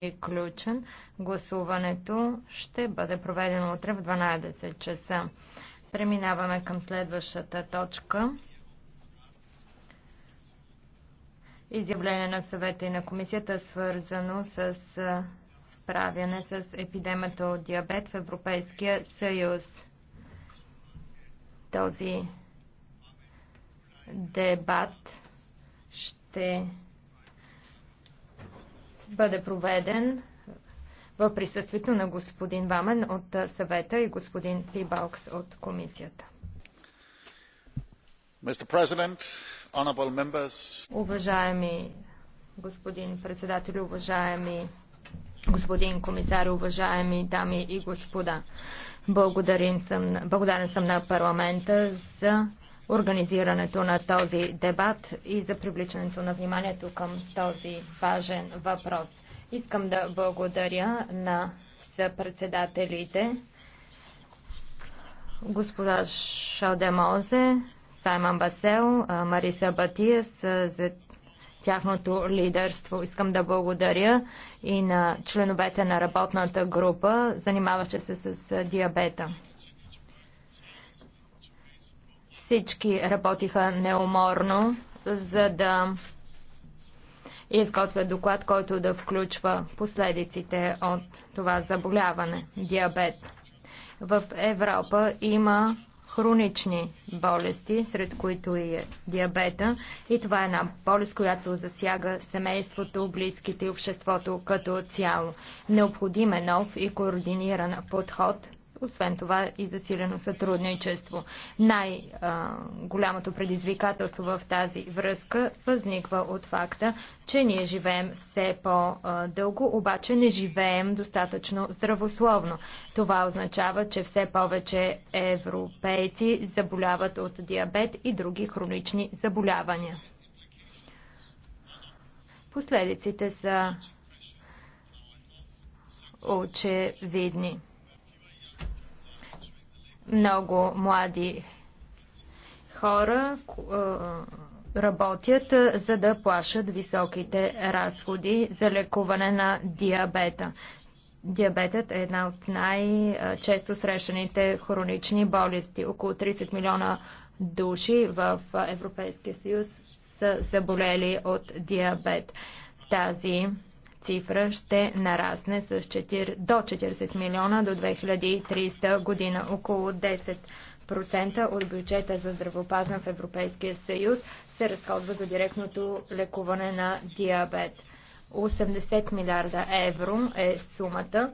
приключен. Е Гласуването ще бъде проведено утре в 12 часа. Преминаваме към следващата точка. Изявление на съвета и на комисията свързано с справяне с епидемията от диабет в Европейския съюз. Този дебат ще бъде проведен в присъствието на господин Вамен от съвета и господин Пибалкс от комисията. Уважаеми господин председател, уважаеми господин комисар, уважаеми дами и господа. Благодарен съм, благодарен съм на парламента за организирането на този дебат и за привличането на вниманието към този важен въпрос. Искам да благодаря на съпредседателите госпожа Шалдемозе, Саймон Басел, Мариса Батиес за тяхното лидерство. Искам да благодаря и на членовете на работната група, занимаваща се с диабета. Всички работиха неуморно, за да изготвят доклад, който да включва последиците от това заболяване – диабет. В Европа има хронични болести, сред които и е диабета. И това е една болест, която засяга семейството, близките и обществото като цяло. Необходим е нов и координиран подход освен това и засилено сътрудничество. Най-голямото предизвикателство в тази връзка възниква от факта, че ние живеем все по-дълго, обаче не живеем достатъчно здравословно. Това означава, че все повече европейци заболяват от диабет и други хронични заболявания. Последиците са очевидни. Много млади хора работят, за да плашат високите разходи за лекуване на диабета. Диабетът е една от най-често срещаните хронични болести. Около 30 милиона души в Европейския съюз са заболели от диабет. Тази цифра ще нарасне с 4, до 40 милиона до 2300 година. Около 10% от бюджета за здравеопазване в Европейския съюз се разходва за директното лекуване на диабет. 80 милиарда евро е сумата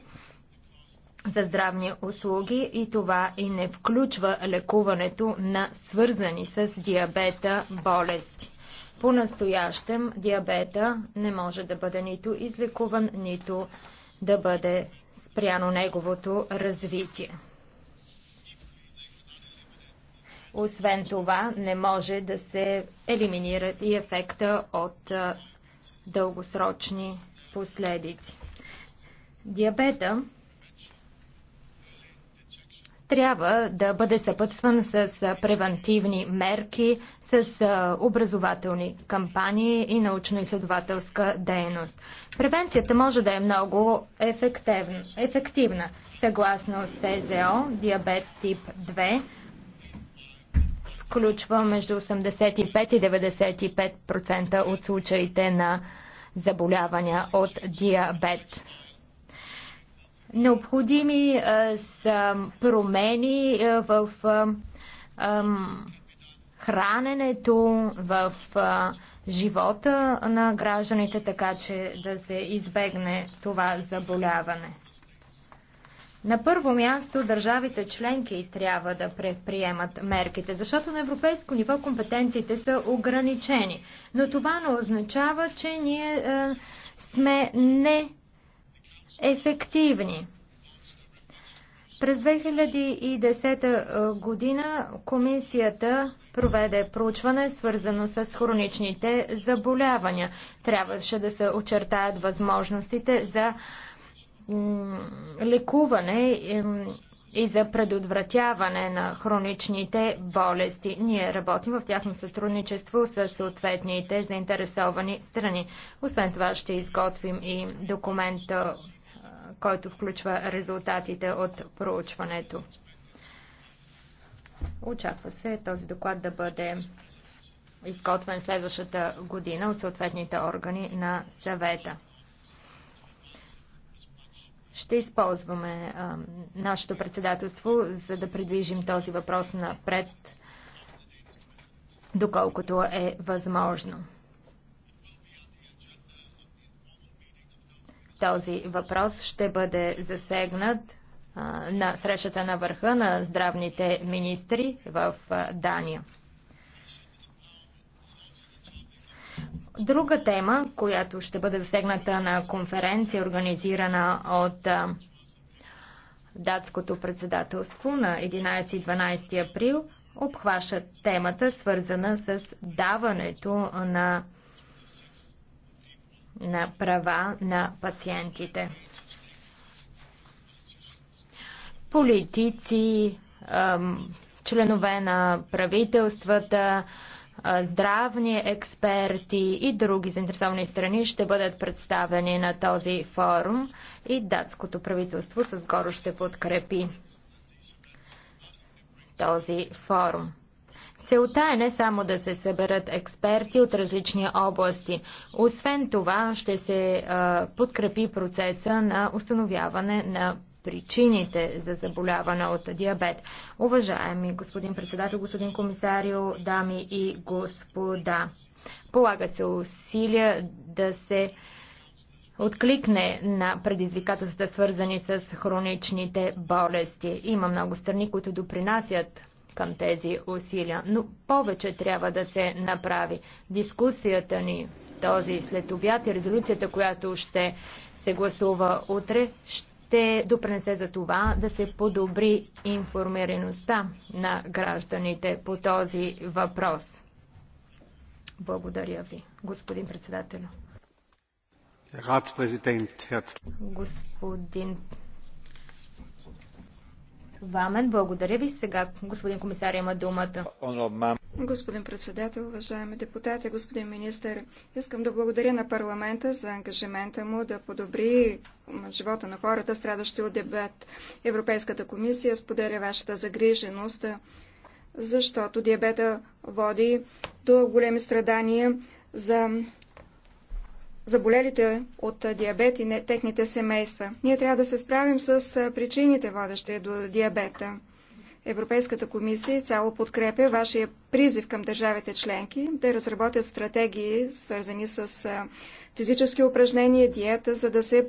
за здравни услуги и това и не включва лекуването на свързани с диабета болести. По-настоящем диабета не може да бъде нито излекуван, нито да бъде спряно неговото развитие. Освен това, не може да се елиминират и ефекта от дългосрочни последици. Диабета трябва да бъде съпътстван с превентивни мерки, с образователни кампании и научно-изследователска дейност. Превенцията може да е много ефективна. ефективна. Съгласно СЗО, диабет тип 2 включва между 85 и 95% от случаите на заболявания от диабет. Необходими е, са промени е, в е, храненето, в живота на гражданите, така че да се избегне това заболяване. На първо място държавите членки трябва да предприемат мерките, защото на европейско ниво компетенциите са ограничени. Но това не означава, че ние е, сме не ефективни. През 2010 година комисията проведе проучване, свързано с хроничните заболявания. Трябваше да се очертаят възможностите за лекуване и за предотвратяване на хроничните болести. Ние работим в тясно сътрудничество с съответните заинтересовани страни. Освен това ще изготвим и документа, който включва резултатите от проучването. Очаква се този доклад да бъде изготвен следващата година от съответните органи на съвета. Ще използваме а, нашето председателство, за да придвижим този въпрос напред, доколкото е възможно. Този въпрос ще бъде засегнат а, на срещата на върха на здравните министри в а, Дания. Друга тема, която ще бъде засегната на конференция, организирана от датското председателство на 11 и 12 април, обхваща темата, свързана с даването на, на права на пациентите. Политици, членове на правителствата, здравни експерти и други заинтересовани страни ще бъдат представени на този форум и датското правителство с горо ще подкрепи този форум. Целта е не само да се съберат експерти от различни области. Освен това, ще се подкрепи процеса на установяване на причините за заболяване от диабет. Уважаеми господин председател, господин комисарио, дами и господа, полагат се усилия да се откликне на предизвикателствата, свързани с хроничните болести. Има много страни, които допринасят към тези усилия, но повече трябва да се направи. Дискусията ни този след обяд и резолюцията, която ще се гласува утре, ще ще допренесе за това да се подобри информираността на гражданите по този въпрос. Благодаря ви, господин председател. Господин Вамен, благодаря ви. Сега господин комисар има думата. Господин председател, уважаеми депутати, господин министър, искам да благодаря на парламента за ангажимента му да подобри живота на хората, страдащи от дебет. Европейската комисия споделя вашата загриженост, защото диабета води до големи страдания за заболелите от диабет и техните семейства. Ние трябва да се справим с причините, водещи до диабета. Европейската комисия цяло подкрепя вашия призив към държавите членки да разработят стратегии, свързани с физически упражнения, диета, за да се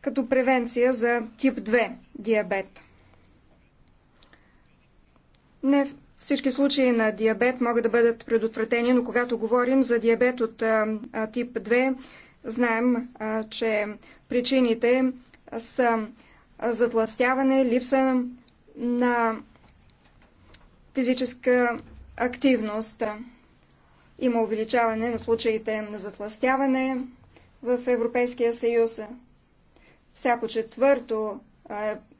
като превенция за тип 2 диабет. Не всички случаи на диабет могат да бъдат предотвратени, но когато говорим за диабет от тип 2, знаем, че причините са затластяване, липса на физическа активност. Има увеличаване на случаите на затластяване в Европейския съюз. Всяко четвърто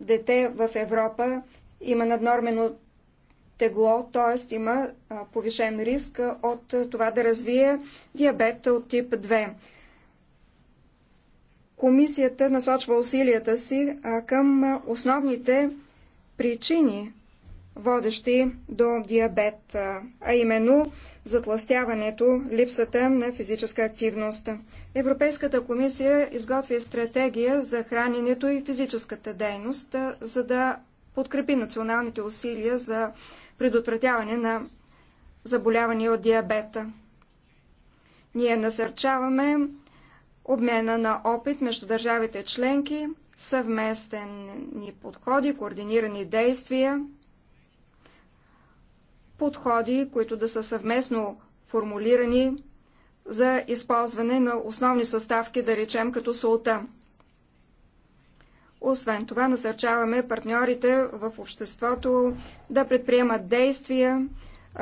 дете в Европа има наднормено тегло, т.е. има повишен риск от това да развие диабет от тип 2. Комисията насочва усилията си към основните причини, водещи до диабет, а именно затластяването, липсата на физическа активност. Европейската комисия изготвя стратегия за храненето и физическата дейност, за да подкрепи националните усилия за предотвратяване на заболявания от диабета. Ние насърчаваме обмена на опит между държавите членки, съвместени подходи, координирани действия, подходи, които да са съвместно формулирани за използване на основни съставки, да речем като солта. Освен това, насърчаваме партньорите в обществото да предприемат действия,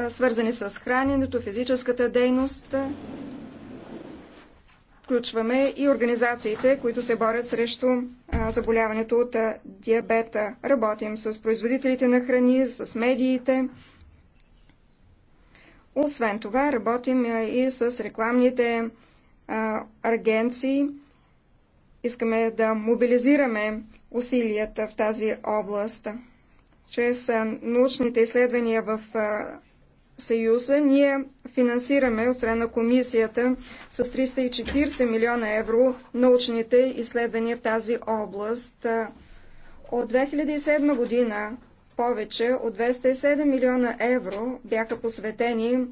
свързани с храненето, физическата дейност. Включваме и организациите, които се борят срещу заболяването от диабета. Работим с производителите на храни, с медиите. Освен това, работим и с рекламните агенции. Искаме да мобилизираме усилията в тази област. Чрез научните изследвания в Съюза ние финансираме от страна на комисията с 340 милиона евро научните изследвания в тази област. От 2007 година повече от 207 милиона евро бяха посветени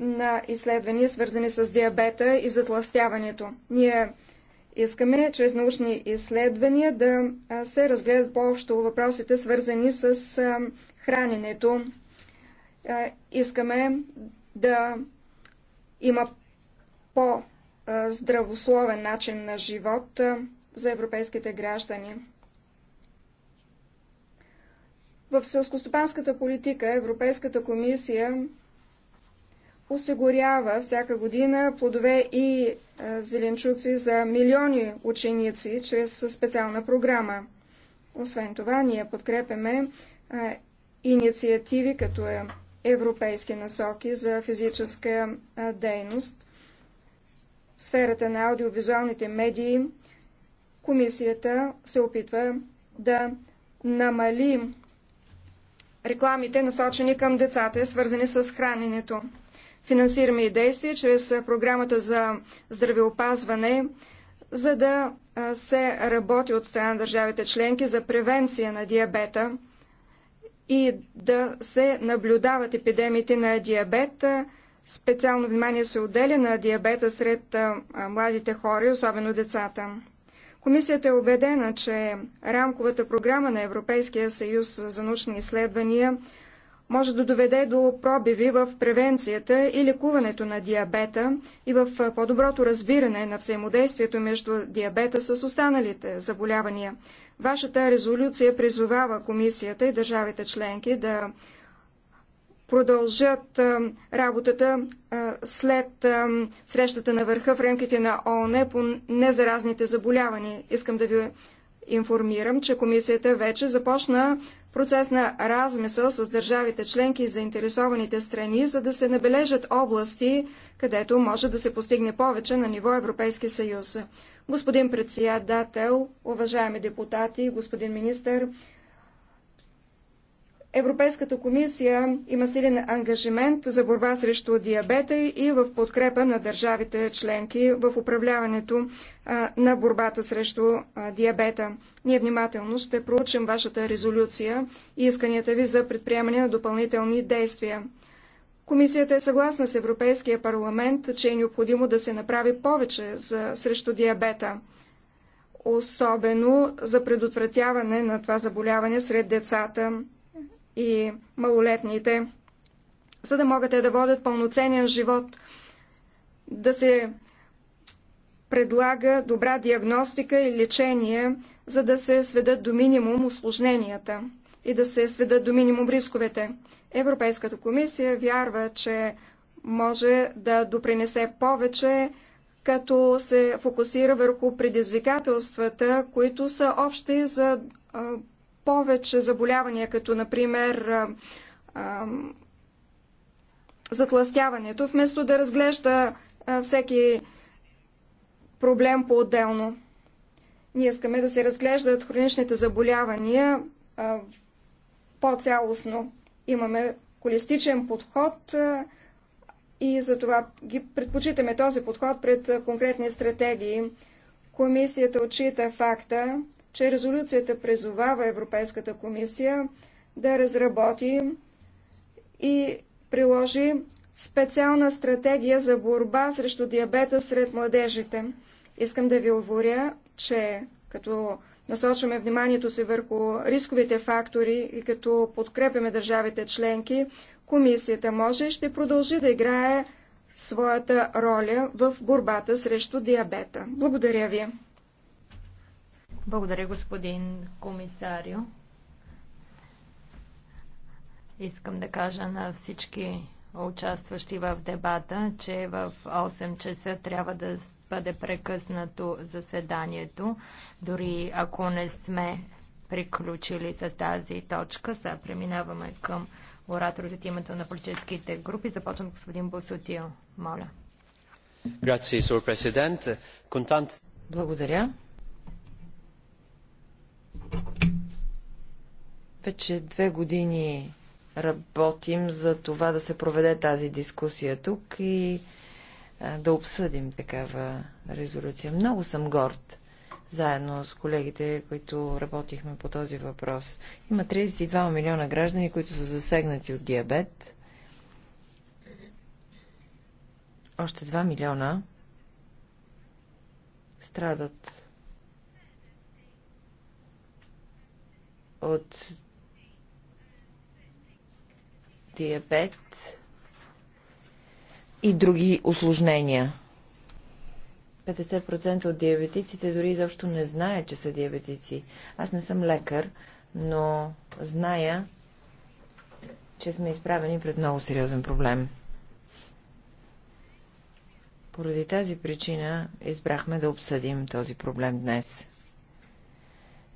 на изследвания, свързани с диабета и затластяването. Ние Искаме чрез научни изследвания да се разгледат по-общо въпросите, свързани с храненето. Искаме да има по-здравословен начин на живот за европейските граждани. В селскостопанската политика Европейската комисия осигурява всяка година плодове и зеленчуци за милиони ученици чрез специална програма. Освен това, ние подкрепяме инициативи като е европейски насоки за физическа дейност. В сферата на аудиовизуалните медии комисията се опитва да намали рекламите, насочени към децата, свързани с храненето. Финансираме и действия чрез програмата за здравеопазване, за да се работи от страна на държавите членки за превенция на диабета и да се наблюдават епидемиите на диабет. Специално внимание се отделя на диабета сред младите хора, особено децата. Комисията е убедена, че рамковата програма на Европейския съюз за научни изследвания – може да доведе до пробиви в превенцията и лекуването на диабета и в по-доброто разбиране на взаимодействието между диабета с останалите заболявания. Вашата резолюция призовава комисията и държавите членки да продължат работата след срещата на върха в рамките на ООН по незаразните заболявания. Искам да ви информирам, че комисията вече започна процес на размисъл с държавите членки и заинтересованите страни, за да се набележат области, където може да се постигне повече на ниво Европейски съюз. Господин председател, уважаеми депутати, господин министър, Европейската комисия има силен ангажимент за борба срещу диабета и в подкрепа на държавите членки в управляването на борбата срещу диабета. Ние внимателно ще проучим вашата резолюция и исканията ви за предприемане на допълнителни действия. Комисията е съгласна с Европейския парламент, че е необходимо да се направи повече за, срещу диабета, особено за предотвратяване на това заболяване сред децата и малолетните, за да могат те да водят пълноценен живот, да се предлага добра диагностика и лечение, за да се сведат до минимум осложненията и да се сведат до минимум рисковете. Европейската комисия вярва, че може да допринесе повече, като се фокусира върху предизвикателствата, които са общи за повече заболявания, като например затластяването, вместо да разглежда всеки проблем по-отделно. Ние искаме да се разглеждат хроничните заболявания по-цялостно. Имаме холистичен подход и затова ги предпочитаме този подход пред конкретни стратегии. Комисията отчита факта, че резолюцията призовава Европейската комисия да разработи и приложи специална стратегия за борба срещу диабета сред младежите. Искам да ви уворя, че като насочваме вниманието си върху рисковите фактори и като подкрепяме държавите членки, комисията може и ще продължи да играе своята роля в борбата срещу диабета. Благодаря ви! Благодаря, господин комисарио. Искам да кажа на всички участващи в дебата, че в 8 часа трябва да бъде прекъснато заседанието. Дори ако не сме приключили с тази точка, сега преминаваме към ораторите от името на политическите групи. Започвам господин Босотио. Моля. Благодаря. Вече две години работим за това да се проведе тази дискусия тук и да обсъдим такава резолюция. Много съм горд заедно с колегите, които работихме по този въпрос. Има 32 милиона граждани, които са засегнати от диабет. Още 2 милиона страдат от диабет и други осложнения. 50% от диабетиците дори изобщо не знаят, че са диабетици. Аз не съм лекар, но зная, че сме изправени пред много сериозен проблем. Поради тази причина избрахме да обсъдим този проблем днес.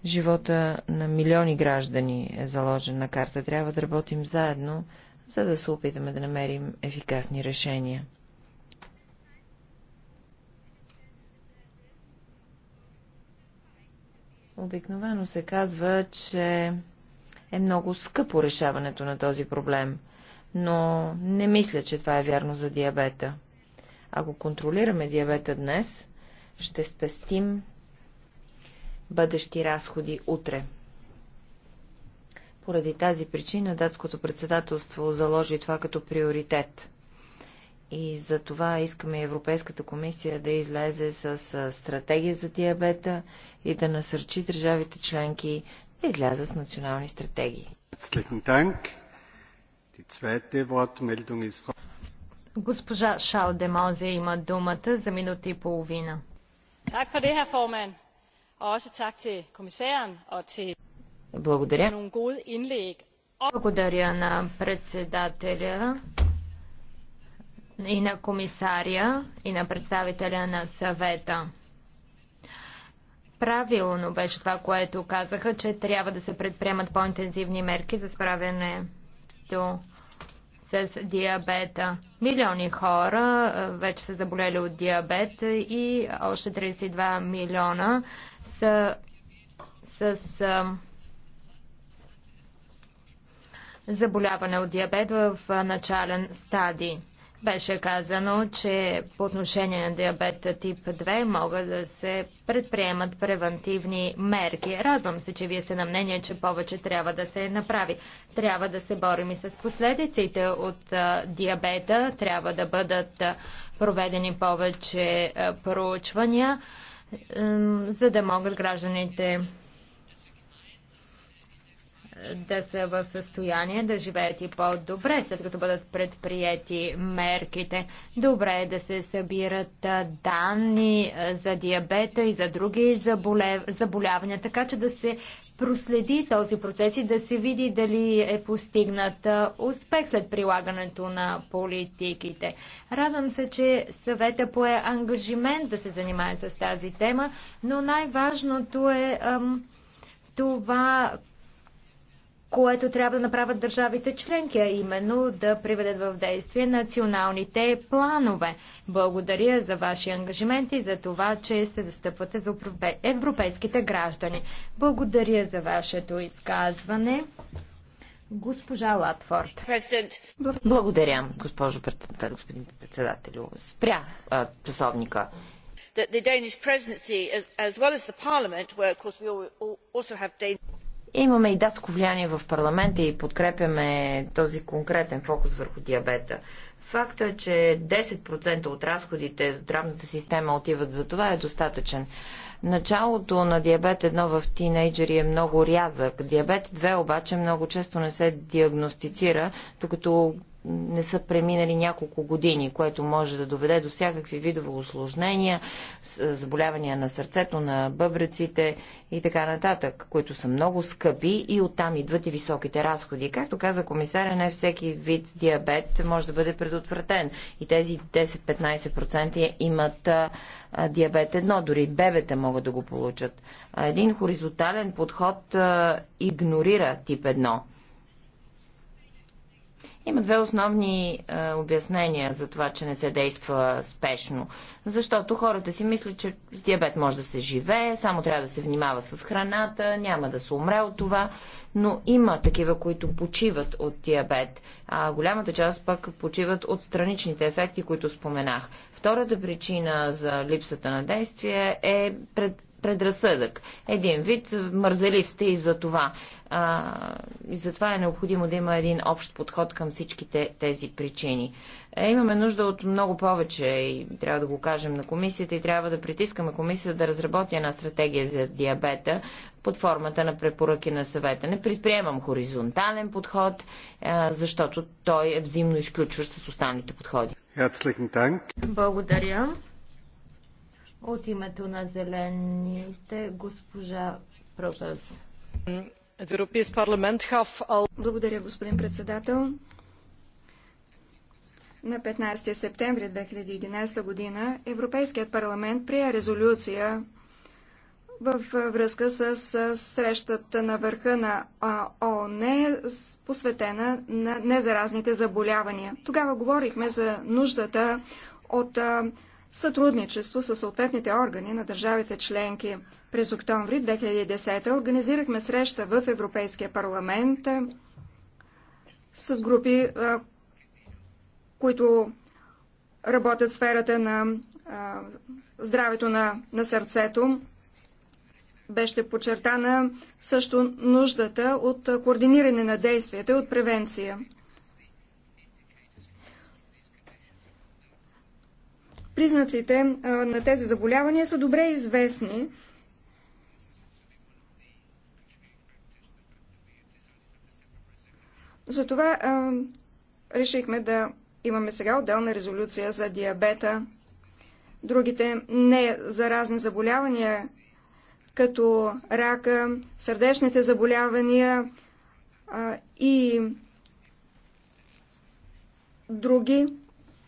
Живота на милиони граждани е заложен на карта. Трябва да работим заедно, за да се опитаме да намерим ефикасни решения. Обикновено се казва, че е много скъпо решаването на този проблем, но не мисля, че това е вярно за диабета. Ако контролираме диабета днес, ще спестим бъдещи разходи утре. Поради тази причина датското председателство заложи това като приоритет. И за това искаме Европейската комисия да излезе с стратегия за диабета и да насърчи държавите членки да излязат с национални стратегии. Госпожа Шал Демозе има думата за минута и половина. Tak for det, herr formand, også tak til kommissæren og til благодаря. Благодаря на председателя и на комисаря и на представителя на съвета. Правилно беше това, което казаха, че трябва да се предприемат по-интензивни мерки за справянето с диабета. Милиони хора е, вече са заболели от диабет и още 32 милиона са с е, заболяване от диабет в начален стадий. Беше казано, че по отношение на диабета тип 2 могат да се предприемат превентивни мерки. Радвам се, че вие сте на мнение, че повече трябва да се направи. Трябва да се борим и с последиците от диабета, трябва да бъдат проведени повече проучвания, за да могат гражданите да са в състояние да живеят и по-добре, след като бъдат предприяти мерките. Добре е да се събират данни за диабета и за други заболявания, така че да се проследи този процес и да се види дали е постигнат успех след прилагането на политиките. Радвам се, че съвета пое ангажимент да се занимае с тази тема, но най-важното е ам, това което трябва да направят държавите членки, а именно да приведат в действие националните планове. Благодаря за вашия ангажимент и за това, че се застъпвате за европейските граждани. Благодаря за вашето изказване. Госпожа Латфорд. Благодаря, госпожо председател, господин председател. Спря а, часовника that the danish presidency as well as parliament where of course we also have Имаме и датско влияние в парламента и подкрепяме този конкретен фокус върху диабета. Факта, е, че 10% от разходите в здравната система отиват за това е достатъчен. Началото на диабет 1 в тинейджери е много рязък. Диабет 2 обаче много често не се диагностицира, докато не са преминали няколко години, което може да доведе до всякакви видове осложнения, заболявания на сърцето, на бъбреците и така нататък, които са много скъпи и оттам идват и високите разходи. Както каза комисаря, не всеки вид диабет може да бъде предотвратен. И тези 10-15% имат диабет 1, дори бебета могат да го получат. Един хоризонтален подход игнорира тип 1 има две основни е, обяснения за това, че не се действа спешно. Защото хората си мислят, че с диабет може да се живее, само трябва да се внимава с храната, няма да се умре от това, но има такива, които почиват от диабет, а голямата част пък почиват от страничните ефекти, които споменах. Втората причина за липсата на действие е пред предразсъдък. Един вид мързелив сте и за това. А, и затова е необходимо да има един общ подход към всичките тези причини. Е, имаме нужда от много повече и трябва да го кажем на комисията и трябва да притискаме комисията да разработи една стратегия за диабета под формата на препоръки на съвета. Не предприемам хоризонтален подход, а, защото той е взаимно изключващ с останалите подходи. Благодаря. От името на зелените госпожа Пропас. Благодаря, господин председател. На 15 септември 2011 година Европейският парламент прие резолюция във връзка с срещата на върха на ООН, посветена на незаразните заболявания. Тогава говорихме за нуждата от сътрудничество с съответните органи на държавите членки. През октомври 2010 организирахме среща в Европейския парламент с групи, които работят в сферата на здравето на, на сърцето. Беше подчертана също нуждата от координиране на действията и от превенция. Признаците на тези заболявания са добре известни. Затова а, решихме да имаме сега отделна резолюция за диабета. Другите не заразни заболявания, като рака, сърдечните заболявания а, и други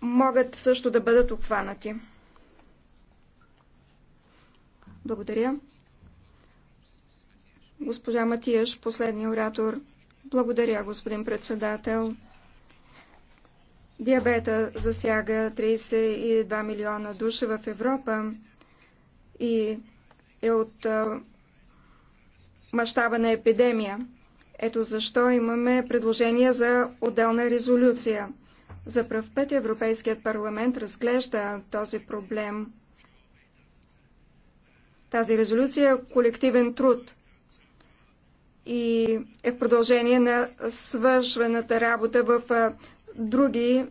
могат също да бъдат обхванати. Благодаря. Госпожа Матиеш, последния оратор. Благодаря, господин председател. Диабета засяга 32 милиона души в Европа и е от мащаба на епидемия. Ето защо имаме предложение за отделна резолюция. За пръв път Европейският парламент разглежда този проблем. Тази резолюция е колективен труд и е в продължение на свършената работа в други,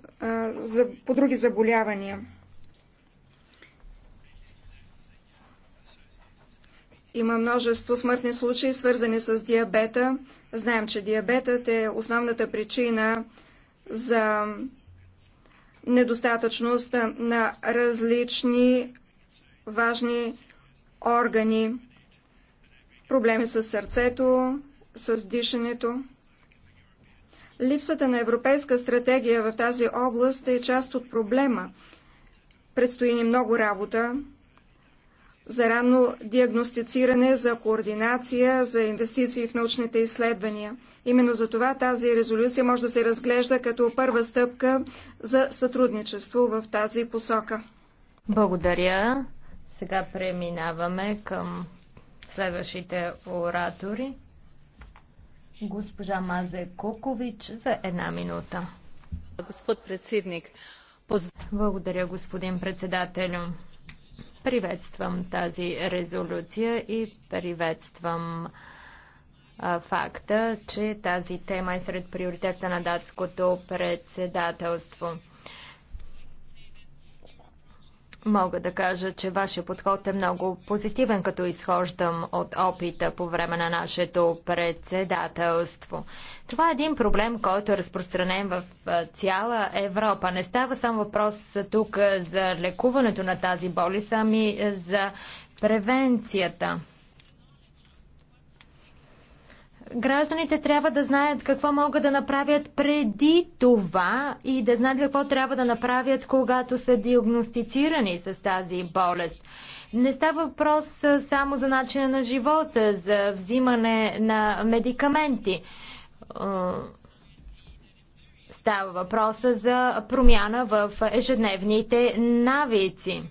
по други заболявания. Има множество смъртни случаи, свързани с диабета. Знаем, че диабетът е основната причина за недостатъчност на различни важни органи, проблеми с сърцето, с дишането. Липсата на европейска стратегия в тази област е част от проблема. Предстои ни много работа, за ранно диагностициране, за координация, за инвестиции в научните изследвания. Именно за това тази резолюция може да се разглежда като първа стъпка за сътрудничество в тази посока. Благодаря. Сега преминаваме към следващите оратори. Госпожа Мазе Кокович за една минута. Господ председник. Поз... Благодаря, господин председателю. Приветствам тази резолюция и приветствам факта, че тази тема е сред приоритета на датското председателство. Мога да кажа, че вашия подход е много позитивен, като изхождам от опита по време на нашето председателство. Това е един проблем, който е разпространен в цяла Европа. Не става само въпрос тук за лекуването на тази болест, ами за превенцията. Гражданите трябва да знаят какво могат да направят преди това и да знаят какво трябва да направят, когато са диагностицирани с тази болест. Не става въпрос само за начина на живота, за взимане на медикаменти. Е, става въпрос за промяна в ежедневните навици.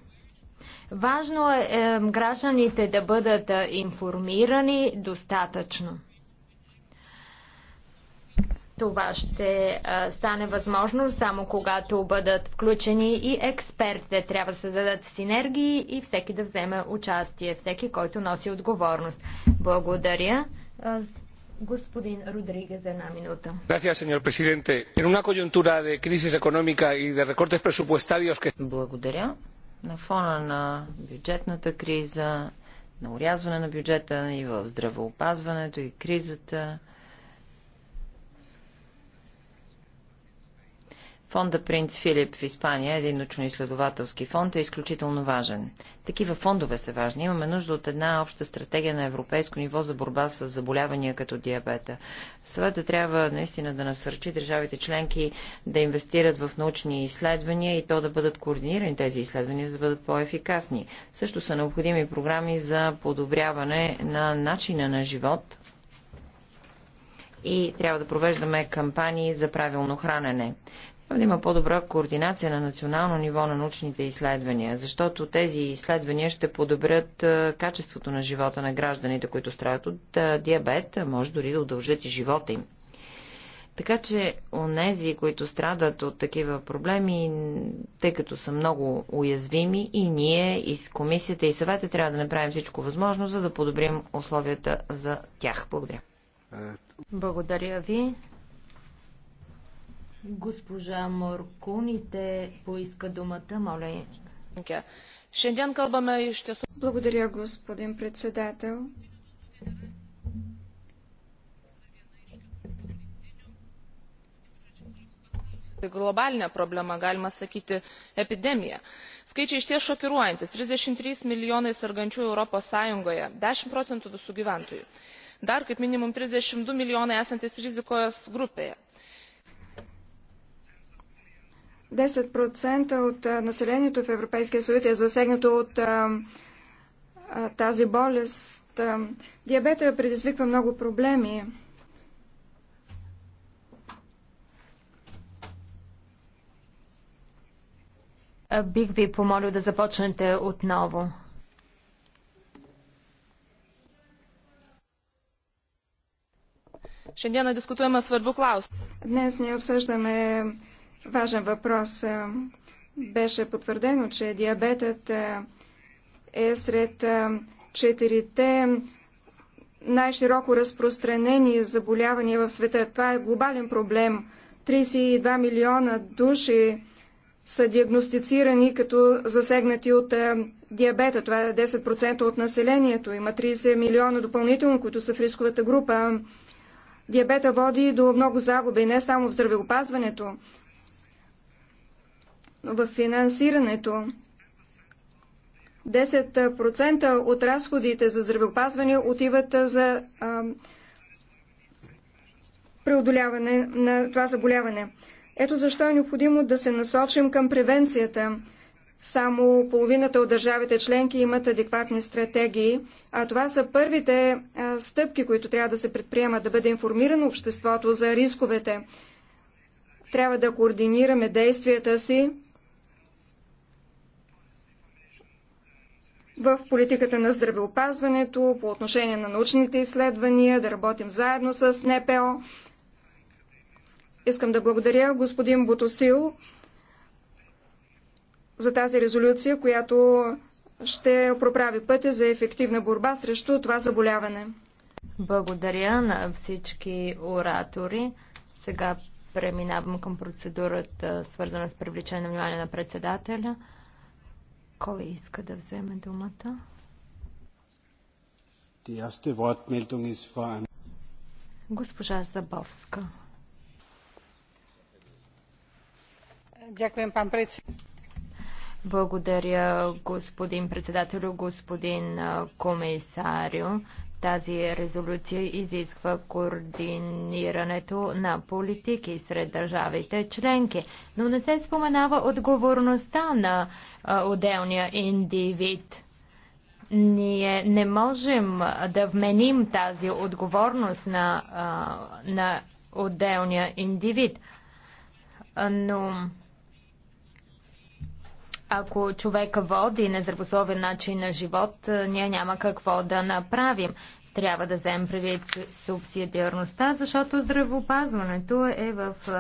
Важно е, е гражданите да бъдат е, информирани достатъчно. Това ще стане възможно само когато бъдат включени и експертите. Трябва да се дадат синергии и всеки да вземе участие, всеки, който носи отговорност. Благодаря. Господин Родригес, една минута. Gracias, señor presidente. En una coyuntura de crisis económica y de recortes presupuestarios que... Благодаря. На фона на бюджетната криза, на урязване на бюджета и в здравеопазването и кризата, Фонда Принц Филип в Испания, един научно-изследователски фонд, е изключително важен. Такива фондове са важни. Имаме нужда от една обща стратегия на европейско ниво за борба с заболявания като диабета. Съвета трябва наистина да насърчи държавите членки да инвестират в научни изследвания и то да бъдат координирани тези изследвания, за да бъдат по-ефикасни. Също са необходими програми за подобряване на начина на живот и трябва да провеждаме кампании за правилно хранене да има по-добра координация на национално ниво на научните изследвания, защото тези изследвания ще подобрят качеството на живота на гражданите, които страдат от диабет, а може дори да удължат и живота им. Така че онези, които страдат от такива проблеми, тъй като са много уязвими и ние, и комисията, и съвета трябва да направим всичко възможно, за да подобрим условията за тях. Благодаря. Благодаря ви. Госпожа Моркуните поиска думата. Моля. Šiandien kalbame iš tiesų. Благодаря, господин председател. globalinė problema galima sakyti epidemija. skaičiai išties šokiruojantys trisdešimt trys milijonai sergančiųjų europos sąjungoje 10 procentų visų gyventojų dar kaip minimum trisdešimt milijonai esantys rizikos grupėje 10% от населението в Европейския съюз е засегнато от а, а, тази болест. Диабета предизвиква много проблеми. Бих ви помолил да започнете отново. Днес ние обсъждаме важен въпрос. Беше потвърдено, че диабетът е сред четирите най-широко разпространени заболявания в света. Това е глобален проблем. 32 милиона души са диагностицирани като засегнати от диабета. Това е 10% от населението. Има 30 милиона допълнително, които са в рисковата група. Диабета води до много загуби, не само в здравеопазването в финансирането. 10% от разходите за здравеопазване отиват за а, преодоляване на това заболяване. Ето защо е необходимо да се насочим към превенцията. Само половината от държавите членки имат адекватни стратегии, а това са първите а, стъпки, които трябва да се предприемат, да бъде информирано обществото за рисковете. Трябва да координираме действията си в политиката на здравеопазването, по отношение на научните изследвания, да работим заедно с НПО. Искам да благодаря господин Бутосил за тази резолюция, която ще проправи пътя за ефективна борба срещу това заболяване. Благодаря на всички оратори. Сега преминавам към процедурата, свързана с привличане на внимание на председателя. Кой иска да вземе думата? Госпожа Забовска. Дякуем, пан Благодаря, господин председател, господин комисарио. Тази резолюция изисква координирането на политики сред държавите членки, но не се споменава отговорността на а, отделния индивид. Ние не можем да вменим тази отговорност на, а, на отделния индивид, но ако човек води нездравословен начин на живот, е, ние няма какво да направим. Трябва да вземем предвид субсидиарността, защото здравопазването е в е,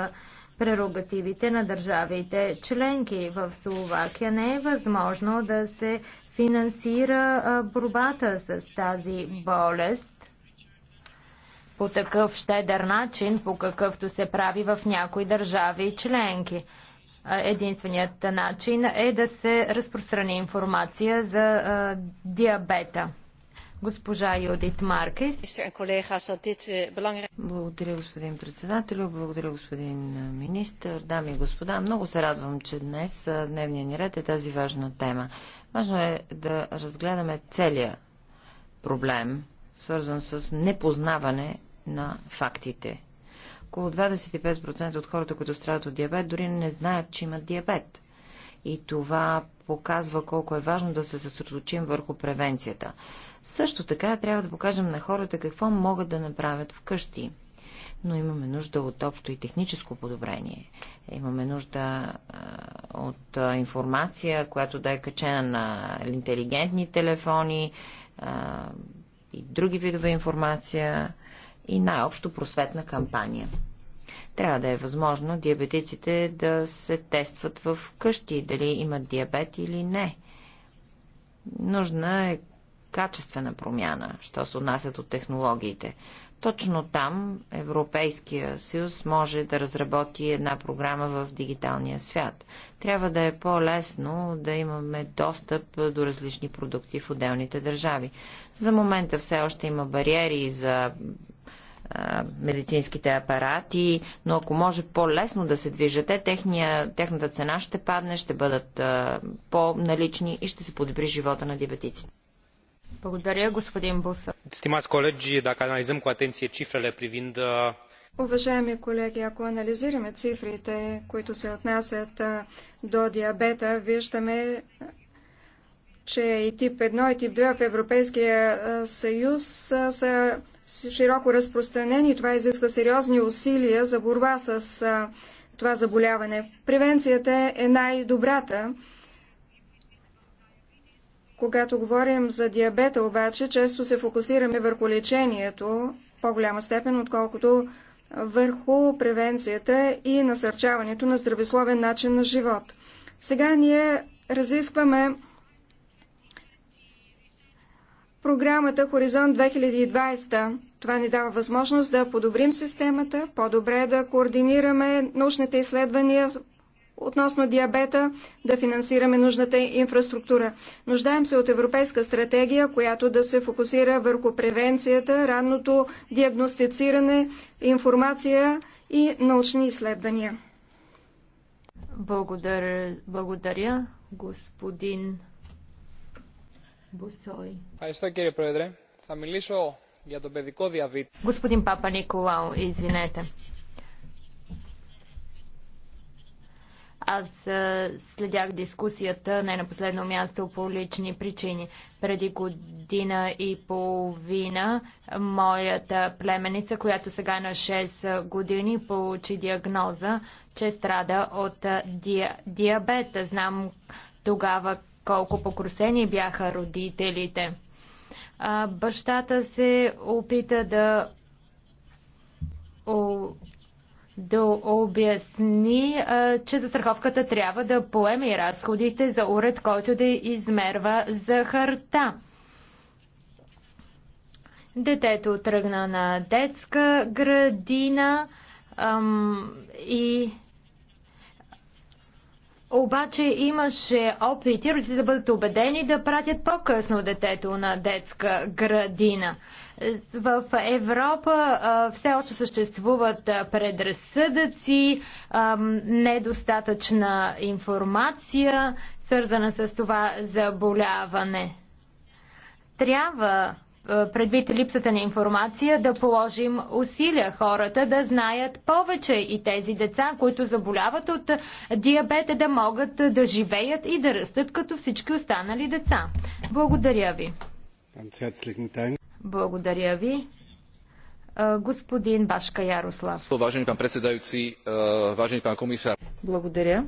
прерогативите на държавите членки. В Словакия не е възможно да се финансира е, борбата с тази болест по такъв щедър начин, по какъвто се прави в някои държави членки единственият начин е да се разпространи информация за диабета. Госпожа Юдит Маркес. Е, благодаря, господин председател, благодаря, господин министр, дами и господа. Много се радвам, че днес дневния ни ред е тази важна тема. Важно е да разгледаме целият проблем, свързан с непознаване на фактите. Около 25% от хората, които страдат от диабет, дори не знаят, че имат диабет. И това показва колко е важно да се съсредоточим върху превенцията. Също така трябва да покажем на хората какво могат да направят вкъщи. Но имаме нужда от общо и техническо подобрение. Имаме нужда от информация, която да е качена на интелигентни телефони и други видове информация и най-общо просветна кампания. Трябва да е възможно диабетиците да се тестват в къщи, дали имат диабет или не. Нужна е качествена промяна, що се отнасят от технологиите. Точно там Европейския съюз може да разработи една програма в дигиталния свят. Трябва да е по-лесно да имаме достъп до различни продукти в отделните държави. За момента все още има бариери за медицинските апарати, но ако може по-лесно да се движат, техния, техната цена ще падне, ще бъдат по-налични и ще се подобри живота на диабетиците. Благодаря, господин Буса. Стимати колеги, dacă analizăm cu atenție cifrele privind Уважаеми колеги, ако анализираме цифрите, които се отнасят до диабета, виждаме, че и тип 1 и тип 2 в Европейския съюз са широко разпространен и това изисква сериозни усилия за борба с а, това заболяване. Превенцията е най-добрата. Когато говорим за диабета обаче, често се фокусираме върху лечението по-голяма степен, отколкото върху превенцията и насърчаването на здравословен начин на живот. Сега ние разискваме програмата Хоризонт 2020. Това ни дава възможност да подобрим системата, по-добре да координираме научните изследвания относно диабета, да финансираме нужната инфраструктура. Нуждаем се от европейска стратегия, която да се фокусира върху превенцията, ранното диагностициране, информация и научни изследвания. Благодаря, благодаря господин Ευχαριστώ κύριε Πρόεδρε. Θα μιλήσω για τον παιδικό διαβήτη. Господин Папа Николао, извинете. Аз следях дискусията не на последно място по лични причини. Преди година и половина моята племеница, която сега е на 6 години, получи диагноза, че страда от диабет. Знам тогава колко покрусени бяха родителите. А, бащата се опита да, о, да обясни, а, че застраховката трябва да поеме и разходите за уред, който да измерва захарта. Детето тръгна на детска градина ам, и обаче имаше опити родителите да бъдат убедени да пратят по-късно детето на детска градина. В Европа все още съществуват предразсъдъци, недостатъчна информация, свързана с това заболяване. Трябва е, предвид липсата на информация, да положим усилия хората да знаят повече и тези деца, които заболяват от диабет, да могат да живеят и да растат като всички останали деца. Благодаря ви. Благодаря ви. Е, господин Башка Ярослав. Важен пан председající, е, важен пан комисар. Благодаря.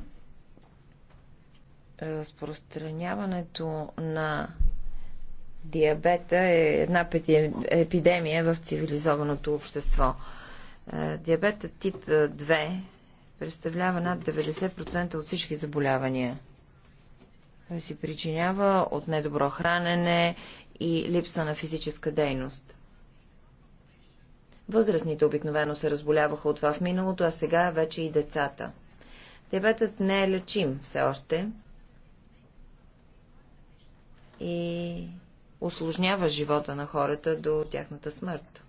Разпространяването на диабета е една епидемия в цивилизованото общество. Е, Диабетът тип 2 е, представлява над 90% от всички заболявания. Той си причинява от недобро хранене и липса на физическа дейност. Възрастните обикновено се разболяваха от това в миналото, а сега вече и децата. Диабетът не е лечим все още и осложнява живота на хората до тяхната смърт.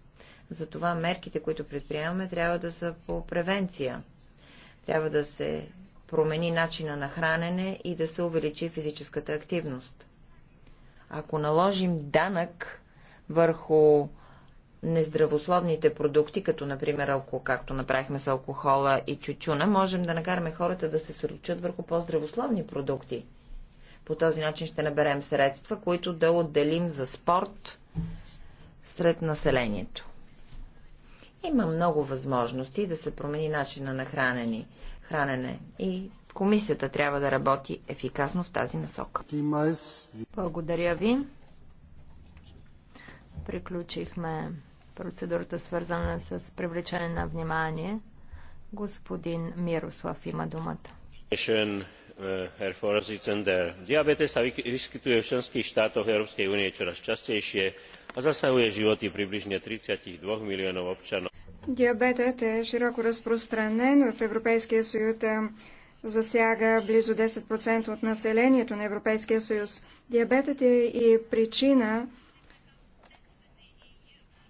Затова мерките, които предприемаме, трябва да са по превенция. Трябва да се промени начина на хранене и да се увеличи физическата активност. Ако наложим данък върху нездравословните продукти, като например алко, както направихме с алкохола и чучуна, можем да накараме хората да се сръчат върху по-здравословни продукти – по този начин ще наберем средства, които да отделим за спорт сред населението. Има много възможности да се промени начина на хранене, хранене и комисията трябва да работи ефикасно в тази насока. Благодаря ви. Приключихме процедурата свързана с привлечение на внимание. Господин Мирослав има думата. Eh, diabetes sa vyskytuje v členských štátoch európskej únie čoraz častejšie a zasahuje životy približne thirty two miliónov občanov. Диабетът е широко разпространен в Европейския съюз, засяга близо 10% от населението на Европейския съюз. Диабетът е и причина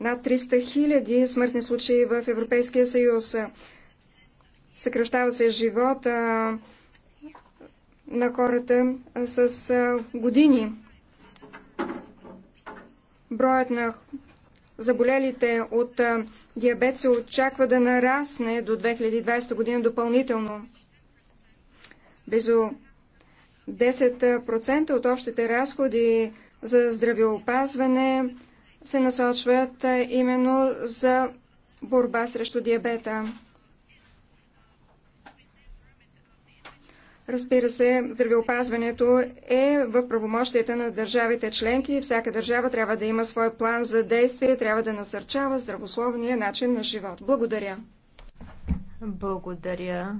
над 300 000 смъртни случаи в Европейския съюз. Съкръщава се живота, на хората с години. Броят на заболелите от диабет се очаква да нарасне до 2020 година допълнително. Близо 10% от общите разходи за здравеопазване се насочват именно за борба срещу диабета. Разбира се, здравеопазването е в правомощията на държавите членки и всяка държава трябва да има свой план за действие, трябва да насърчава здравословния начин на живот. Благодаря. Благодаря.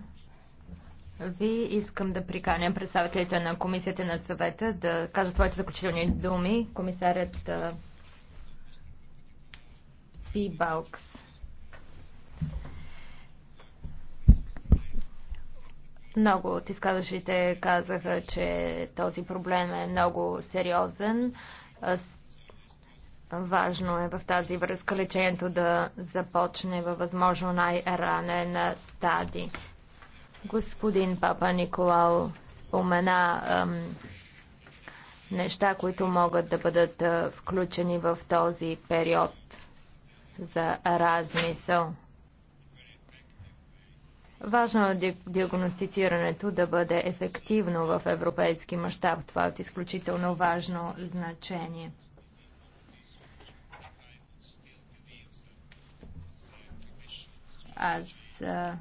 Ви искам да приканя представителите на комисията на съвета да кажат своите заключителни думи. Комисарят Пибалкс. Много от изказващите казаха, че този проблем е много сериозен. Важно е в тази връзка лечението да започне във възможно най-ранен стадий. Господин Папа Николао спомена ам, неща, които могат да бъдат включени в този период за размисъл. Важно е диагностицирането да бъде ефективно в европейски мащаб. Това е от изключително важно значение. Аз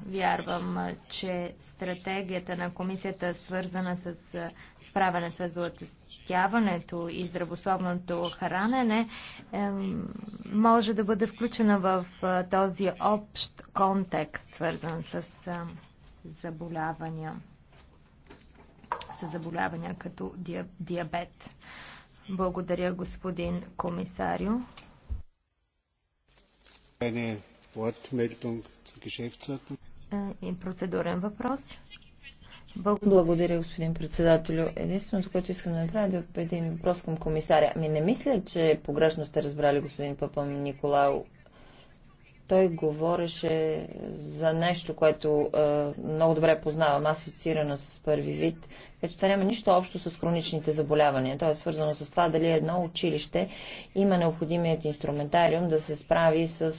вярвам, че стратегията на комисията, свързана с справяне с златостяването и здравословното хранене може да бъде включена в е, този общ контекст, свързан с е, заболявания, с заболявания като диабет. Благодаря, господин комисарио. Е, и процедурен въпрос. Благодаря, господин председателю. Единственото, което искам да направя, е един въпрос към комисаря. Ами не мисля, че погрешно сте разбрали господин Папа Николао. Той говореше за нещо, което е, много добре познавам, асоциирана с първи вид. Така е, че това няма нищо общо с хроничните заболявания. То е свързано с това дали едно училище има необходимият инструментариум да се справи с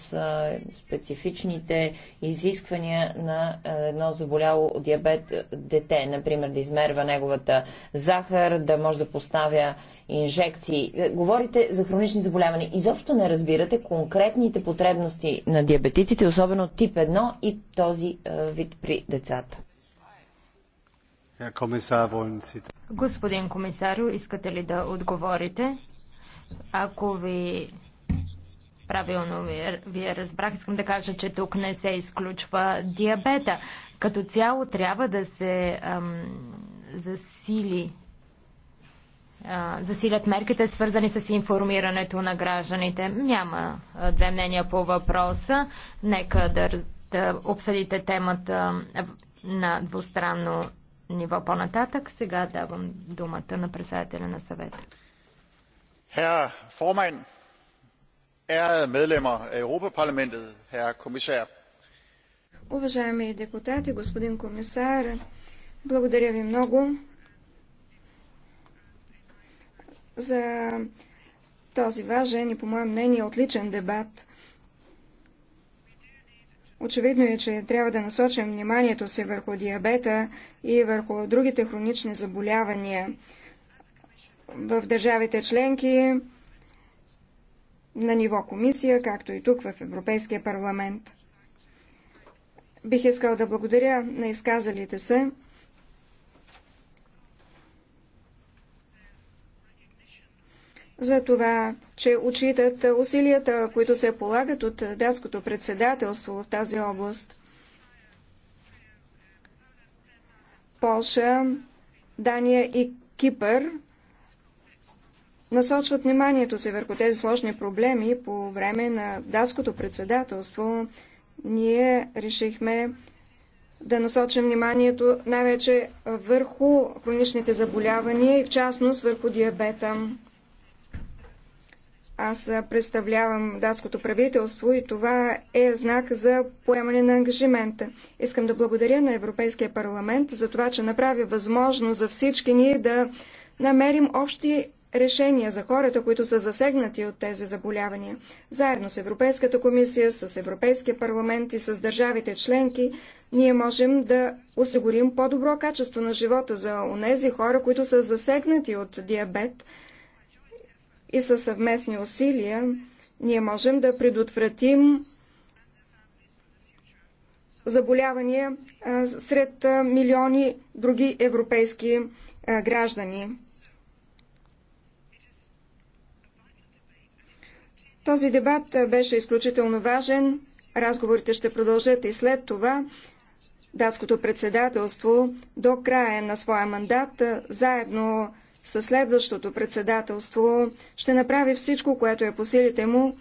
специфичните изисквания на едно заболяло от диабет дете. Например, да измерва неговата захар, да може да поставя инжекции. Е, говорите за хронични заболявания. Изобщо не разбирате конкретните потребности на диабетиците, особено тип 1 и този вид при децата. Господин комисар, искате ли да отговорите? Ако ви правилно вие разбрах, искам да кажа, че тук не се изключва диабета. Като цяло трябва да се ам, засили засилят мерките, свързани с информирането на гражданите. Няма две мнения по въпроса. Нека да, да обсъдите темата на двустранно ниво по-нататък. Сега давам думата на председателя на съвета. Herr formand, ærede medlemmer af Europaparlamentet, хер комисар. Уважаеми депутати, господин комисар, благодаря ви много за този важен и, по мое мнение, отличен дебат – Очевидно е, че трябва да насочим вниманието си върху диабета и върху другите хронични заболявания. В държавите членки, на ниво комисия, както и тук в Европейския парламент. Бих искал да благодаря на изказалите се. за това, че отчитат усилията, които се полагат от датското председателство в тази област. Полша, Дания и Кипър насочват вниманието си върху тези сложни проблеми по време на датското председателство. Ние решихме да насочим вниманието най-вече върху хроничните заболявания и в частност върху диабета. Аз представлявам датското правителство и това е знак за поемане на ангажимента. Искам да благодаря на Европейския парламент за това, че направи възможно за всички ние да намерим общи решения за хората, които са засегнати от тези заболявания. Заедно с Европейската комисия, с Европейския парламент и с държавите членки, ние можем да осигурим по-добро качество на живота за онези хора, които са засегнати от диабет, и със съвместни усилия ние можем да предотвратим заболявания сред милиони други европейски граждани. Този дебат беше изключително важен. Разговорите ще продължат и след това. Датското председателство до края на своя мандат заедно със следващото председателство ще направи всичко, което е по силите му,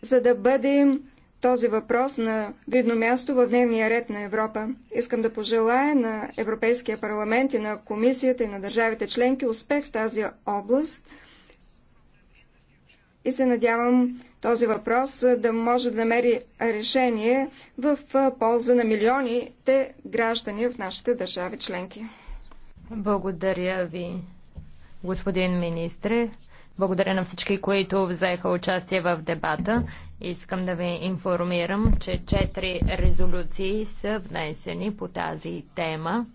за да бъде този въпрос на видно място в дневния ред на Европа. Искам да пожелая на Европейския парламент и на комисията и на държавите членки успех в тази област и се надявам този въпрос да може да намери решение в полза на милионите граждани в нашите държави членки. Благодаря ви господин министр. Благодаря на всички, които взеха участие в дебата. Искам да ви информирам, че четири резолюции са внесени по тази тема.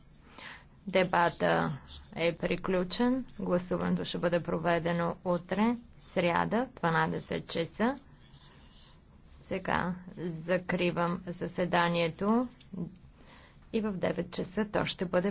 Дебата е приключен. Гласуването ще бъде проведено утре, сряда, 12 часа. Сега закривам заседанието и в 9 часа то ще бъде